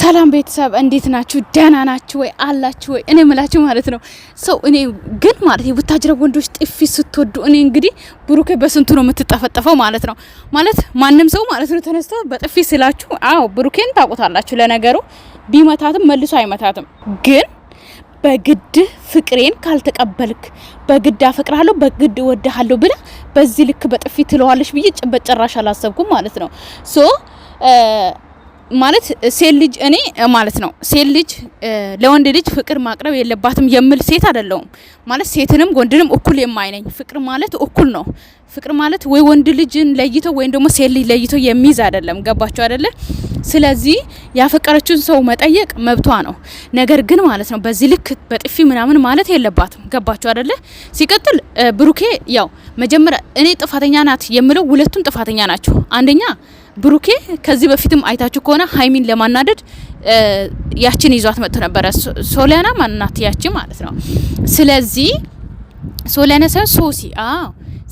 ሰላም ቤተሰብ እንዴት ናችሁ? ደህና ናችሁ ወይ? አላችሁ ወይ? እኔ ምላችሁ ማለት ነው ሰው እኔ ግን ማለት የቡታጅራ ወንዶች ጥፊ ስትወዱ እኔ እንግዲህ ብሩኬ በስንቱ ነው የምትጠፈጠፈው ማለት ነው። ማለት ማንም ሰው ማለት ነው ተነስቶ በጥፊ ስላችሁ፣ አዎ ብሩኬን ታውቁታላችሁ። ለነገሩ ቢመታትም መልሶ አይመታትም። ግን በግድ ፍቅሬን ካልተቀበልክ በግድ አፈቅርሃለሁ በግድ እወድሃለሁ ብለ በዚህ ልክ በጥፊ ትለዋለች ብዬ በጭራሽ አላሰብኩም ማለት ነው ሶ ማለት ሴት ልጅ እኔ ማለት ነው ሴት ልጅ ለወንድ ልጅ ፍቅር ማቅረብ የለባትም የምል ሴት አይደለውም። ማለት ሴትንም ወንድንም እኩል የማይነኝ ፍቅር ማለት እኩል ነው። ፍቅር ማለት ወይ ወንድ ልጅን ለይቶ ወይም ደግሞ ሴት ልጅ ለይቶ የሚይዝ አይደለም። ገባችሁ አይደለ? ስለዚህ ያፈቀረችውን ሰው መጠየቅ መብቷ ነው። ነገር ግን ማለት ነው በዚህ ልክ በጥፊ ምናምን ማለት የለባትም። ገባችሁ አይደለ? ሲቀጥል ብሩኬ ያው መጀመሪያ እኔ ጥፋተኛ ናት የምለው ሁለቱም ጥፋተኛ ናቸው። አንደኛ ብሩኬ ከዚህ በፊትም አይታችሁ ከሆነ ሀይሚን ለማናደድ ያችን ይዟት መጥቶ ነበረ። ሶሊያና ማናት ያቺ ማለት ነው። ስለዚህ ሶሊያና ሳይሆን ሶሲ። አዎ፣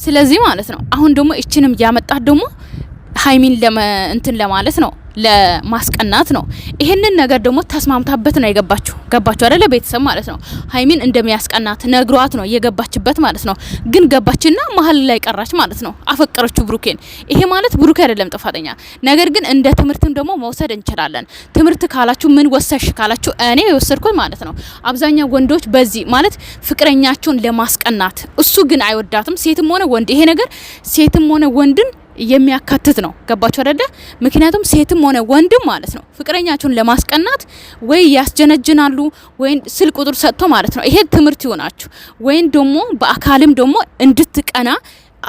ስለዚህ ማለት ነው። አሁን ደግሞ እችንም ያመጣት ደግሞ ሀይሚን እንትን ለማለት ነው ለማስቀናት ነው። ይህንን ነገር ደግሞ ተስማምታበት ነው የገባችሁ። ገባችሁ አይደለ? ቤተሰብ ማለት ነው። ሀይሚን እንደሚያስቀናት ነግሯት ነው የገባችበት ማለት ነው። ግን ገባችና መሀል ላይ ቀራች ማለት ነው። አፈቀረችው ብሩኬን። ይሄ ማለት ብሩኬ አይደለም ጥፋተኛ። ነገር ግን እንደ ትምህርትም ደግሞ መውሰድ እንችላለን። ትምህርት ካላችሁ ምን ወሰሽ ካላችሁ እኔ የወሰድኩት ማለት ነው አብዛኛው ወንዶች በዚህ ማለት ፍቅረኛቸውን ለማስቀናት እሱ ግን አይወዳትም። ሴትም ሆነ ወንድ ይሄ ነገር ሴትም ሆነ ወንድን የሚያካትት ነው። ገባችሁ አደለ? ምክንያቱም ሴትም ሆነ ወንድም ማለት ነው ፍቅረኛቸውን ለማስቀናት ወይ ያስጀነጅናሉ ወይ ስልክ ቁጥር ሰጥቶ ማለት ነው። ይሄ ትምህርት ይሆናችሁ። ወይም ደግሞ በአካልም ደግሞ እንድትቀና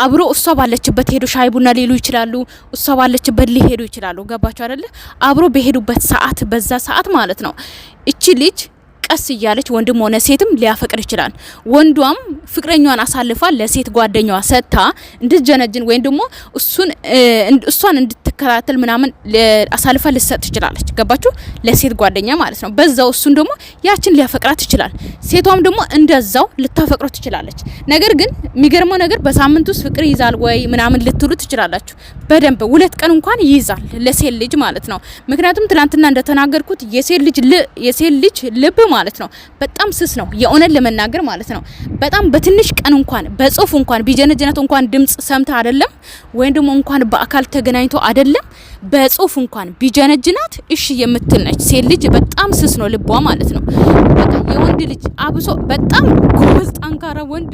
አብሮ እሷ ባለችበት ሄዶ ሻይ ቡና ሊሉ ይችላሉ። እሷ ባለችበት ሊሄዱ ይችላሉ። ገባችሁ አደለ? አብሮ በሄዱበት ሰዓት በዛ ሰዓት ማለት ነው እቺ ልጅ ቀስ እያለች ወንድም ሆነ ሴትም ሊያፈቅር ይችላል። ወንዷም ፍቅረኛዋን አሳልፋ ለሴት ጓደኛዋ ሰጥታ እንድትጀነጅን ወይም ደግሞ እሷን እንድትከታተል ምናምን አሳልፋ ልትሰጥ ትችላለች። ገባችሁ? ለሴት ጓደኛ ማለት ነው። በዛው እሱን ደግሞ ያችን ሊያፈቅራት ይችላል። ሴቷም ደግሞ እንደዛው ልታፈቅሮ ትችላለች። ነገር ግን የሚገርመው ነገር በሳምንት ውስጥ ፍቅር ይዛል ወይ ምናምን ልትሉ ትችላላችሁ። በደንብ ሁለት ቀን እንኳን ይይዛል ለሴት ልጅ ማለት ነው። ምክንያቱም ትናንትና እንደተናገርኩት የሴት ልጅ የሴት ልጅ ልብ ማለት ነው በጣም ስስ ነው፣ የእውነት ለመናገር ማለት ነው። በጣም በትንሽ ቀን እንኳን በጽሁፍ እንኳን ቢጀነጀነት እንኳን ድምጽ ሰምታ አይደለም ወይም ደግሞ እንኳን በአካል ተገናኝቶ አይደለም በጽሁፍ እንኳን ቢጀነጅናት እሺ የምትል ነች ሴት ልጅ። በጣም ስስ ነው ልቧ ማለት ነው። የወንድ ልጅ አብሶ በጣም ጎበዝ ጠንካራ ወንድ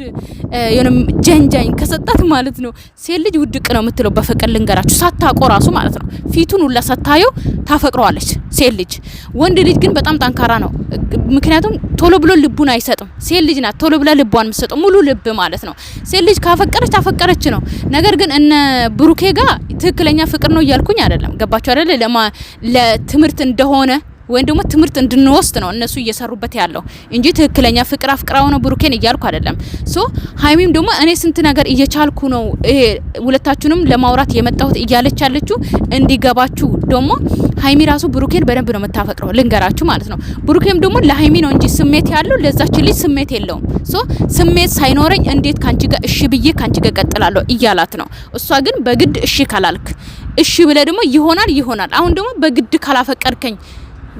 ጀንጃኝ ከሰጣት ማለት ነው ሴት ልጅ ውድቅ ነው የምትለው። በፍቅር ልንገራችሁ ሳታቆ ራሱ ማለት ነው ፊቱን ሁላ ሰታየው ታፈቅረዋለች ሴት ልጅ። ወንድ ልጅ ግን በጣም ጠንካራ ነው። ምክንያቱም ቶሎ ብሎ ልቡን አይሰጥም። ሴት ልጅ ናት ቶሎ ብላ ልቧን የምትሰጠው ሙሉ ልብ ማለት ነው። ሴት ልጅ ካፈቀረች ታፈቀረች ነው። ነገር ግን እነ ብሩኬ ጋር ትክክለኛ ፍቅር ነው እያልኩኝ አይደለም። ገባችሁ አይደለ? ለማ ለትምህርት እንደሆነ ወይም ደግሞ ትምህርት እንድንወስድ ነው እነሱ እየሰሩበት ያለው እንጂ ትክክለኛ ፍቅር አፍቅራው ነው ብሩኬን እያልኩ አይደለም። ሶ ሀይሚም ደግሞ እኔ ስንት ነገር እየቻልኩ ነው ሁለታችሁንም ለማውራት የመጣሁት እያለች ያለችው እንዲገባችሁ ደግሞ ሀይሚ ራሱ ብሩኬን በደንብ ነው የምታፈቅረው፣ ልንገራችሁ ማለት ነው። ብሩኬም ደግሞ ለሀይሚ ነው እንጂ ስሜት ያለው ለዛችን ልጅ ስሜት የለውም። ሶ ስሜት ሳይኖረኝ እንዴት ካንቺ ጋር እሺ ብዬ ካንቺ ጋር ቀጥላለሁ እያላት ነው። እሷ ግን በግድ እሺ ካላልክ እሺ ብለ ደግሞ ይሆናል ይሆናል አሁን ደግሞ በግድ ካላፈቀድከኝ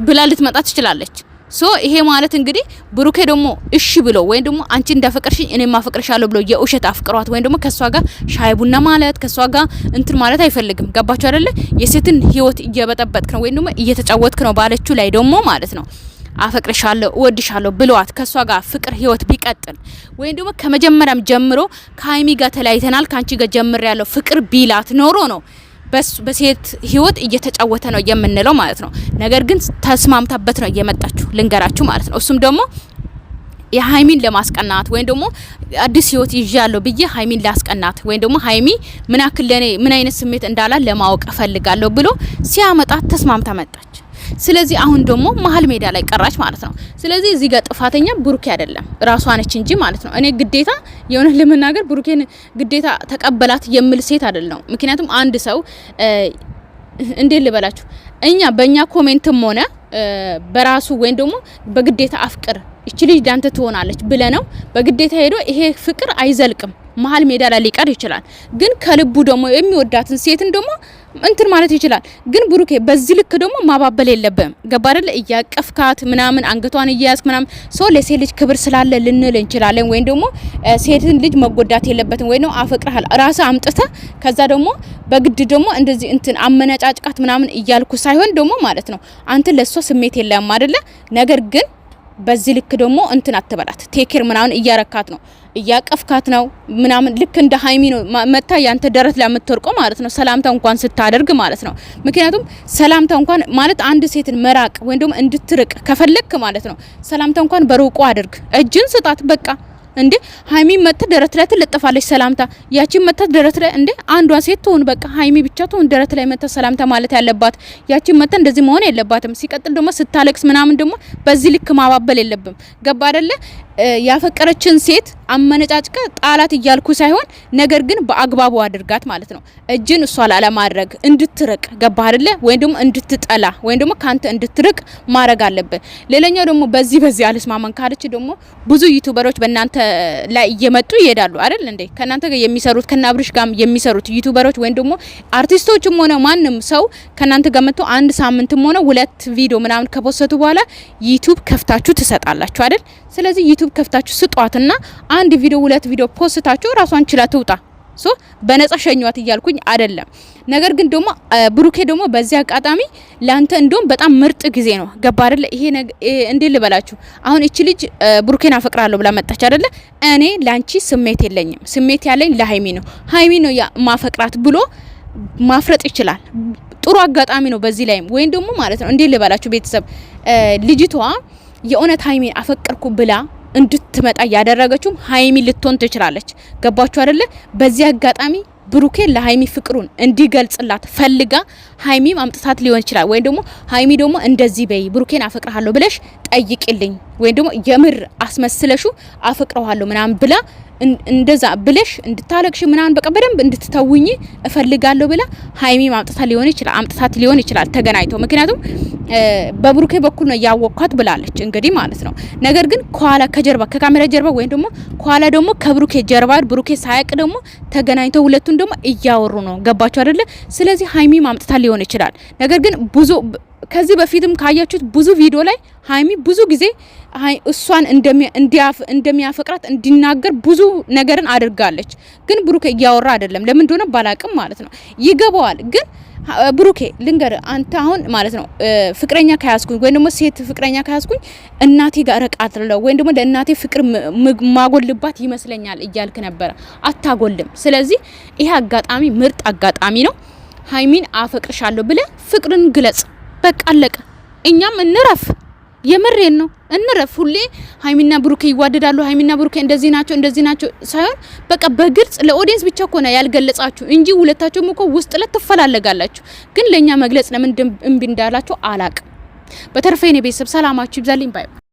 ብላ ልትመጣ ትችላለች። ሶ ይሄ ማለት እንግዲህ ብሩኬ ደግሞ እሺ ብሎ ወይም ደግሞ አንቺ እንዳፈቅርሽኝ እኔ አፈቅርሻለሁ ብሎ የውሸት አፍቅሯት ወይም ደግሞ ከሷጋ ጋር ሻይ ቡና ማለት ከሷጋ ጋር እንትን ማለት አይፈልግም። ገባችሁ አይደለ? የሴትን ህይወት እየበጠበጥክ ነው ወይም ደግሞ እየተጫወትክ ነው ባለችው ላይ ደግሞ ማለት ነው አፈቅርሻለሁ እወድሻለሁ ብሏት ከሷ ጋር ፍቅር ህይወት ቢቀጥል ወይም ደግሞ ከመጀመሪያም ጀምሮ ከሀይሚ ጋር ተለያይተናል ከአንቺ ጋር ጀምሬያለሁ ፍቅር ቢላት ኖሮ ነው በሴት ህይወት እየተጫወተ ነው የምንለው ማለት ነው። ነገር ግን ተስማምታበት ነው እየመጣችሁ ልንገራችሁ ማለት ነው። እሱም ደግሞ የሀይሚን ለማስቀናት ወይም ደግሞ አዲስ ህይወት ይዣለሁ ብዬ ሀይሚን ላስቀናት ወይም ደግሞ ሀይሚ ምን ያክል ለኔ ምን አይነት ስሜት እንዳላት ለማወቅ እፈልጋለሁ ብሎ ሲያመጣት ተስማምታ መጣች። ስለዚህ አሁን ደግሞ መሀል ሜዳ ላይ ቀራች ማለት ነው። ስለዚህ እዚህ ጋር ጥፋተኛ ብሩኬ አይደለም ራሷ ነች እንጂ ማለት ነው። እኔ ግዴታ የሆነ ለመናገር ብሩኬን ግዴታ ተቀበላት የምል ሴት አይደለም። ምክንያቱም አንድ ሰው እንዴት ልበላችሁ እኛ በእኛ ኮሜንትም ሆነ በራሱ ወይም ደግሞ በግዴታ አፍቅር እቺ ልጅ ዳንተ ትሆናለች ብለ ነው በግዴታ ሄዶ ይሄ ፍቅር አይዘልቅም። መሀል ሜዳ ላይ ሊቀር ይችላል። ግን ከልቡ ደግሞ የሚወዳትን ሴትን ደግሞ እንትን ማለት ይችላል። ግን ብሩኬ በዚህ ልክ ደግሞ ማባበል የለብም። ገባ እያቀፍካት ምናምን አንገቷን እያያዝክ ምናምን ሰው ለሴት ልጅ ክብር ስላለ ልንል እንችላለን። ወይም ደግሞ ሴትን ልጅ መጎዳት የለበትም ወይ ነው አፈቅርሃል ራስህ አምጥተህ ከዛ ደግሞ በግድ ደግሞ እንደዚህ እንትን አመነጫጭቃት ምናምን እያልኩ ሳይሆን ደግሞ ማለት ነው አንተ ለሷ ስሜት የለም አይደለ? ነገር ግን በዚህ ልክ ደግሞ እንትን አትበላት ቴክር ምናምን እያረካት ነው እያቀፍካት ነው ምናምን ልክ እንደ ሀይሚ ነው መታ ያንተ ደረት ላይ የምትወርቀው ማለት ነው። ሰላምታ እንኳን ስታደርግ ማለት ነው። ምክንያቱም ሰላምታ እንኳን ማለት አንድ ሴትን መራቅ ወይም ደግሞ እንድትርቅ ከፈለክ ማለት ነው። ሰላምታ እንኳን በሩቁ አድርግ፣ እጅን ስጣት በቃ። እንዴ ሀይሚ መተ ደረት ላይ ትለጥፋለች ሰላምታ። ያቺ መተ ደረት ላይ እንዴ አንዷ ሴት ትሆን በቃ ሀይሚ ብቻ ትሆን ደረት ላይ መተ ሰላምታ ማለት ያለባት ያቺ መተ እንደዚህ መሆን የለባትም። ሲቀጥል ደግሞ ስታለቅስ ምናምን ደግሞ በዚህ ልክ ማባበል የለብም። ገባ አይደለ? ያፈቀረችን ሴት አመነጫጭቀ ጣላት እያልኩ ሳይሆን ነገር ግን በአግባቡ አድርጋት ማለት ነው። እጅን እሷ ላለማድረግ እንድትርቅ ገባ አይደለ? ወይም ደግሞ እንድትጠላ ወይም ደግሞ ካንተ እንድትርቅ ማድረግ አለብን። ሌላኛው ደግሞ በዚህ በዚህ አልስማማን ካለች ደግሞ ብዙ ዩቱበሮች በእናንተ ላይ እየመጡ ይሄዳሉ አይደል እንዴ? ከእናንተ ጋር የሚሰሩት ከናብርሽ ጋር የሚሰሩት ዩቱበሮች ወይም ደግሞ አርቲስቶችም ሆነ ማንም ሰው ከእናንተ ጋር መጥቶ አንድ ሳምንትም ሆነ ሁለት ቪዲዮ ምናምን ከፖሰቱ በኋላ ዩቱብ ከፍታችሁ ትሰጣላችሁ አይደል? ስለዚህ ዩቱብ ከፍታችሁ ስጧትና አንድ ቪዲዮ ሁለት ቪዲዮ ፖስታችሁ ራሷን ችላ ትውጣ። ሶ በነጻ ሸኟት እያልኩኝ አይደለም። ነገር ግን ደግሞ ብሩኬ ደግሞ በዚህ አጋጣሚ ላንተ እንደውም በጣም ምርጥ ጊዜ ነው። ገባ አይደለ? ይሄ እንዴ ልበላችሁ፣ አሁን እቺ ልጅ ብሩኬን አፈቅራለሁ ብላ መጣች አይደለ? እኔ ላንቺ ስሜት የለኝም፣ ስሜት ያለኝ ለሀይሚ ነው፣ ሀይሚ ነው ማፈቅራት ብሎ ማፍረጥ ይችላል። ጥሩ አጋጣሚ ነው። በዚህ ላይም ወይም ደግሞ ማለት ነው እንዴ ልበላችሁ ቤተሰብ ልጅቷ የእውነት ሀይሚን አፈቀርኩ ብላ እንድትመጣ ያደረገችውም ሀይሚ ልትሆን ትችላለች። ገባችሁ አይደለ? በዚህ አጋጣሚ ብሩኬ ለሀይሚ ፍቅሩን እንዲገልጽላት ፈልጋ ሀይሚ አምጥታት ሊሆን ይችላል። ወይም ደግሞ ሀይሚ ደግሞ እንደዚህ በይ ብሩኬን አፈቅርሃለሁ ብለሽ ጠይቅልኝ ወይም ደግሞ የምር አስመስለሹ አፈቅረዋለሁ ምናምን ብላ እንደዛ ብለሽ እንድታለቅሽ ምናምን በቃ በደንብ እንድትተውኝ እፈልጋለሁ ብላ ሀይሚ ማምጣታ ሊሆን ይችላል አምጥታት ሊሆን ይችላል ተገናኝተው፣ ምክንያቱም በብሩኬ በኩል ነው ያወቅኳት ብላለች እንግዲህ ማለት ነው። ነገር ግን ከኋላ ከጀርባ ከካሜራ ጀርባ ወይም ደግሞ ከኋላ ደግሞ ከብሩኬ ጀርባ ብሩኬ ሳያቅ ደግሞ ተገናኝተው ሁለቱን ደግሞ እያወሩ ነው። ገባቸው አይደለ? ስለዚህ ሀይሚ ማምጥታ ሊሆን ይችላል። ነገር ግን ብዙ ከዚህ በፊትም ካያችሁት ብዙ ቪዲዮ ላይ ሀይሚ ብዙ ጊዜ እሷን እንደሚያፈቅራት እንዲናገር ብዙ ነገርን አድርጋለች። ግን ብሩኬ እያወራ አይደለም፣ ለምን እንደሆነ ባላቅም ማለት ነው ይገባዋል። ግን ብሩኬ ልንገር፣ አንተ አሁን ማለት ነው ፍቅረኛ ከያዝኩኝ ወይም ደግሞ ሴት ፍቅረኛ ከያዝኩኝ እናቴ ጋር እረቃታለሁ ወይም ደግሞ ለእናቴ ፍቅር ማጎልባት ይመስለኛል እያልክ ነበረ። አታጎልም። ስለዚህ ይሄ አጋጣሚ ምርጥ አጋጣሚ ነው። ሀይሚን አፈቅርሻለሁ ብለ ፍቅርን ግለጽ። በቃ አለቀ። እኛም እንረፍ። የምሬን ነው እንረፍ። ሁሌ ሀይሚና ብሩኬ ይዋደዳሉ፣ ሀይሚና ብሩኬ እንደዚህ ናቸው እንደዚህ ናቸው ሳይሆን በቃ በግልጽ ለኦዲየንስ ብቻ እኮ ነው ያልገለጻችሁ እንጂ ሁለታችሁም እኮ ውስጥ ለት ትፈላለጋላችሁ። ግን ለእኛ መግለጽ ለምን እምቢ እንዳላችሁ አላቅ። በተረፈ የኔ ቤተሰብ ሰላማችሁ ይብዛልኝ ባይ